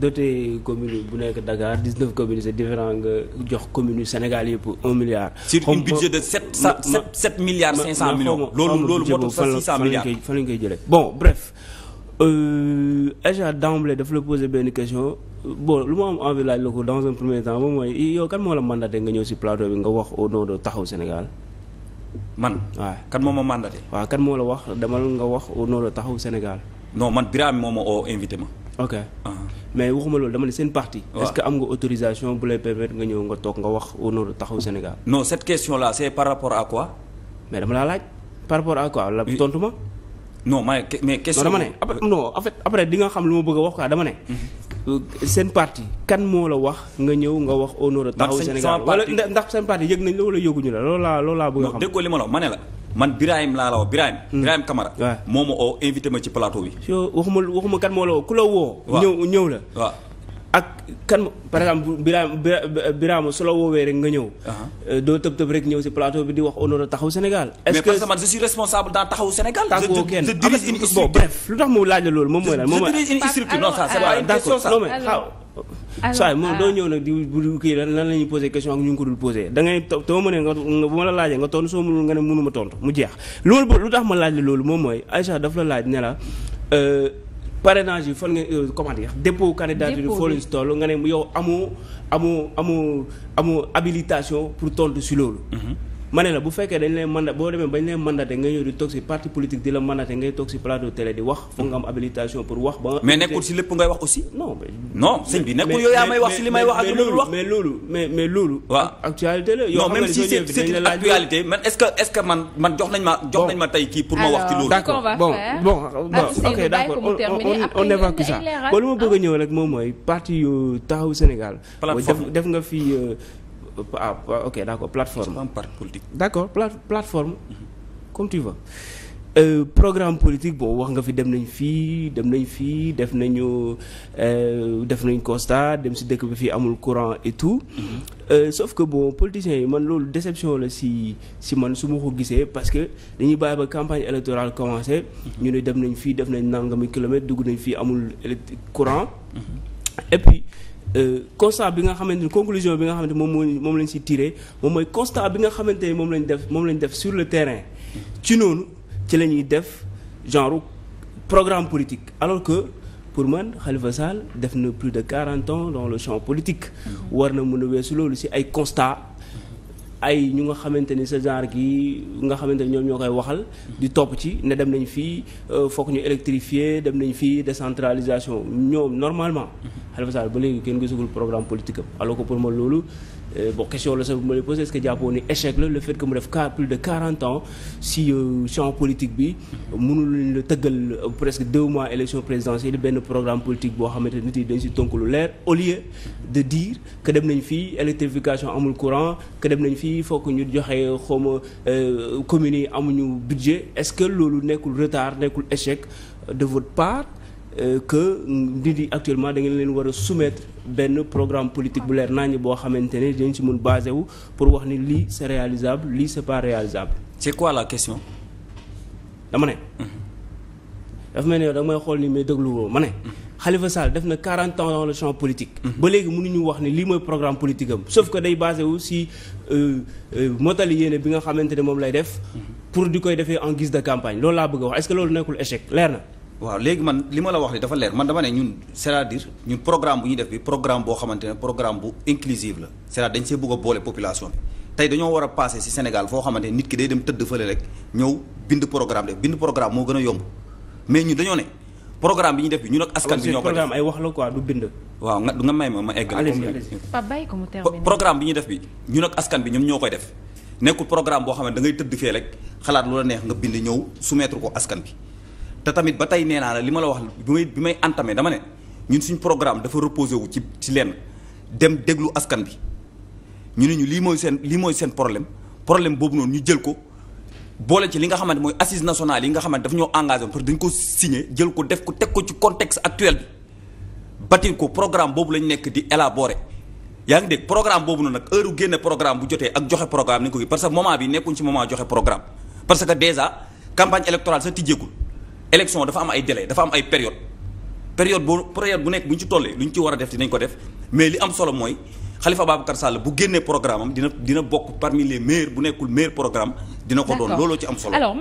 doté commune bu nekk Dakar 19 communes c'est différent nga jox commune Sénégal yëpp 1 milliard. sur un budget de 7 7 7 milliards 500 millions. loolu moo tax sax koy jëlee bon bref. Euh, agent d'emblée daf la poser benn question bon lu ma am envie laaj dans un premier temps moom mooy yow kan moo la mandaté nga ñëw ci plateau bi nga wax au nom de Taxawu Sénégal. man waaw kan moo ma mandaté. waa kan moo la wax demal nga wax au nom de Taxawu Sénégal. non man Birame moo ma oo invité ma. ok. mais waxuma loolu dama ne seen parti. est ce que am nga autorisation bu lay permettre nga ñëw nga toog nga wax au nom de taxawu Sénégal. non cette question là c'est par rapport à quoi. mais dama laa laaj par rapport à quoi la tontu ma. mais question. dama ne après non en fait après di xam lu ma bëgg a wax quoi dama ne. Mhm. Euh, seen parti kan moo la wax nga ñëw nga wax au a de taxawu Sénégal wala ndax seen parti yëg nañ la wala yëguñu la loolaa loolaa bëgg a xam. déggoo li ma la wax ne la. man Birahim laa la woo Birahim. Hmm. Birahim Camara. waaw moo ma oo invité ma ci plateau bi. soo waxuma waxuma kan moo la woo ku la woo. ñëw ñëw la. waaw ak kan par exemple Birahim Birahim su la woowee rek nga ñëw. Uh-huh. Euh, doo tëb tëb rek ñëw si plateau bi di wax honneur taxaw Sénégal. est-ce que mais parce que man je suis responsable dans taxawu Sénégal. tàggoo kenn ah, lu tax mu laaj la loolu moom mooy lan. moom mooy je dirige une structure non ça c'est pas saa moom ah. doo ñëw nag di bu kii lan lan la ñuy posé question ak ñu ngi ko dul posé da ngay to too mënee nga bu ma la laajee nga tontu soo mënul nga ne mënuma tontu mu jeex loolu ba lu tax ma laaj la loolu moom mooy Aïcha daf la laaj ne la euh, parrainage yi fan nga euh, comment dire dépôt candidature foo leen si toll nga ne yow amoo amoo amoo amoo habilitation pour tontu si loolu mhm. ma ne la bu fekkee dañ lay mandat boo demee bañ lay mandaté ngay ñëw di toog si parti politique di la mandaté ngay toog si plateau télé di wax foog nga am habilitation pour wax ba mais nekkul si lépp ngay wax aussi non non sëñ bi nekkul yow yaa may wax si li may wax ak li may wax mais loolu loolu waaw actualité la yow non même si c'est c'est une actualité man est-ce que est-ce que man man jox nañ ma jox nañ ma tey kii pour ma wax ci loolu d'accord bon bon ok d'accord on évacue ça ba lu ma bëgg a ah. ñëw rek moom mooy parti yu taxaw Sénégal def nga fii euh, Ah, ah ok d'accord plateforme. un parti politique. d'accord plate plateforme. comme tu veux. Euh, programme politique bon wax nga fi dem nañ fii dem nañ fii def nañu euh, def nañ constat dem si dëkk bi fii amul courant et tout mm-hmm. euh, sauf que bon politiciens yi man loolu déception la si si man su ma ko gisee parce que dañuy bàyyi campagne électorale commencé mm-hmm. ñu ne dem nañ fii def nañ nangami kilomètre dugg nañ fii amul courant mm-hmm. et puis Euh, constat bi nga xamante ni conclusion bi nga xamante moom moo moom lañ si tiré moom mooy constat bi nga xamante ni moom lañu def moom lañ def sur le terrain ci noonu ci la ñuy def genre programme politique alors que pour man xalifa Sall def na plus de quarante ans dans le champ politique war na mën a weesu loolu si ay constat ay ñu nga xamante ni sa genre gi nga xamante ni ñoom ñoo koy waxal di topp ci ne dem nañ fii euh, foog ñu électrifier dem nañ fii décentralisation ñoom normalement mm-hmm. Khalifa Sall ba léegi kenn gisagul programme politique am alors que pour man loolu euh, bon question la sax bu ma lay posé est-ce que jàppoo ni échec la le fait que mu def car plus de quarante ans si champ euh, politique bi mënul la tëggal presque deux mois élection présidentielle benn programme politique boo xamante nit yi dañ si tënk lu leer au lieu de nañ fii électrification amul courant fii il faut ñu joxe xaw ma euh, communes yi amuñu budget est-ce que loolu nekkul retard nekkul échec de votre part euh, que nit yi actuellement da ngeen leen war a soumettre benn programme politique bu leer nañu boo xamante ne dañ ci mun basé wu pour wax ni lii c'est réalisable lii c'est pas réalisable. c'est quoi la question. dama ne. Mhm. dafa mel ni yow may xool ni mais déglu woo ma ne. Mhm. xalifa Sall def na 40 ans dans le champ politique. Mhm. ba léegi mënuñu wax ne lii mooy programme politique am sauf que day basé si euh, euh, motali yéene bi nga xamante ne moom lay def. pour di koy defee en gis de campagne loolu laa bëgg a wax est-ce que loolu nekkul échec leer na. waaw léegi man li ma la wax ni dafa leer man dama ne ñun c'est-à-dire ñun programme bu ñuy def bi programme boo xamante ne programme bu inclusive la cest à see bëgg boole population bi tey dañoo war a passé ci Sénégal foo xamante nit ki day dem tëdd fële rek ñëw bind programme def programme moo gën a yomb mais ñun dañoo ne programme bi ñu def bi ñun ak askan bi ñoo ko def ay wax la quoi du bind. waaw nga nga may ma ma egg. programme bi ñu def bi ñun ak askan bi ñoom ñoo koy def nekkul programme boo xam ne dangay ngay tëdd fee rek xalaat lu la neex nga bind ñëw soumettre ko askan bi te tamit ba tey nee naa la li ma la wax bi may bi may entamé dama ne ñun suñ programme dafa reposé wu ci ci lenn dem déglu askan bi ñu ne ñu lii mooy seen lii mooy seen problème problème boobu noonu ñu jël ko. boole ci li nga xamante mooy assise nationale yi nga xamante daf ñoo engagé pour dañ ko signé jël ko def ko teg ko ci contexte actuel bi bâtir ko programme boobu lañ nekk di élaborer yaa ngi dégg programme boobu noonu nag heure bu génne programme bu jotee ak joxe programme ni ko gi parce que moment bi nekkuñ ci moment joxe programme parce que déjà campagne électorale sa tijjeegul élection dafa am ay délai dafa am ay période période boo période bu nekk bu ñu ci tollee lu ñu ci war a def dinañ ko def mais li am solo mooy Khalifa Babacar Sall bu génnee programme am dina bokk parmi les meilleurs bu nekkul meilleur programme dina looloo ci am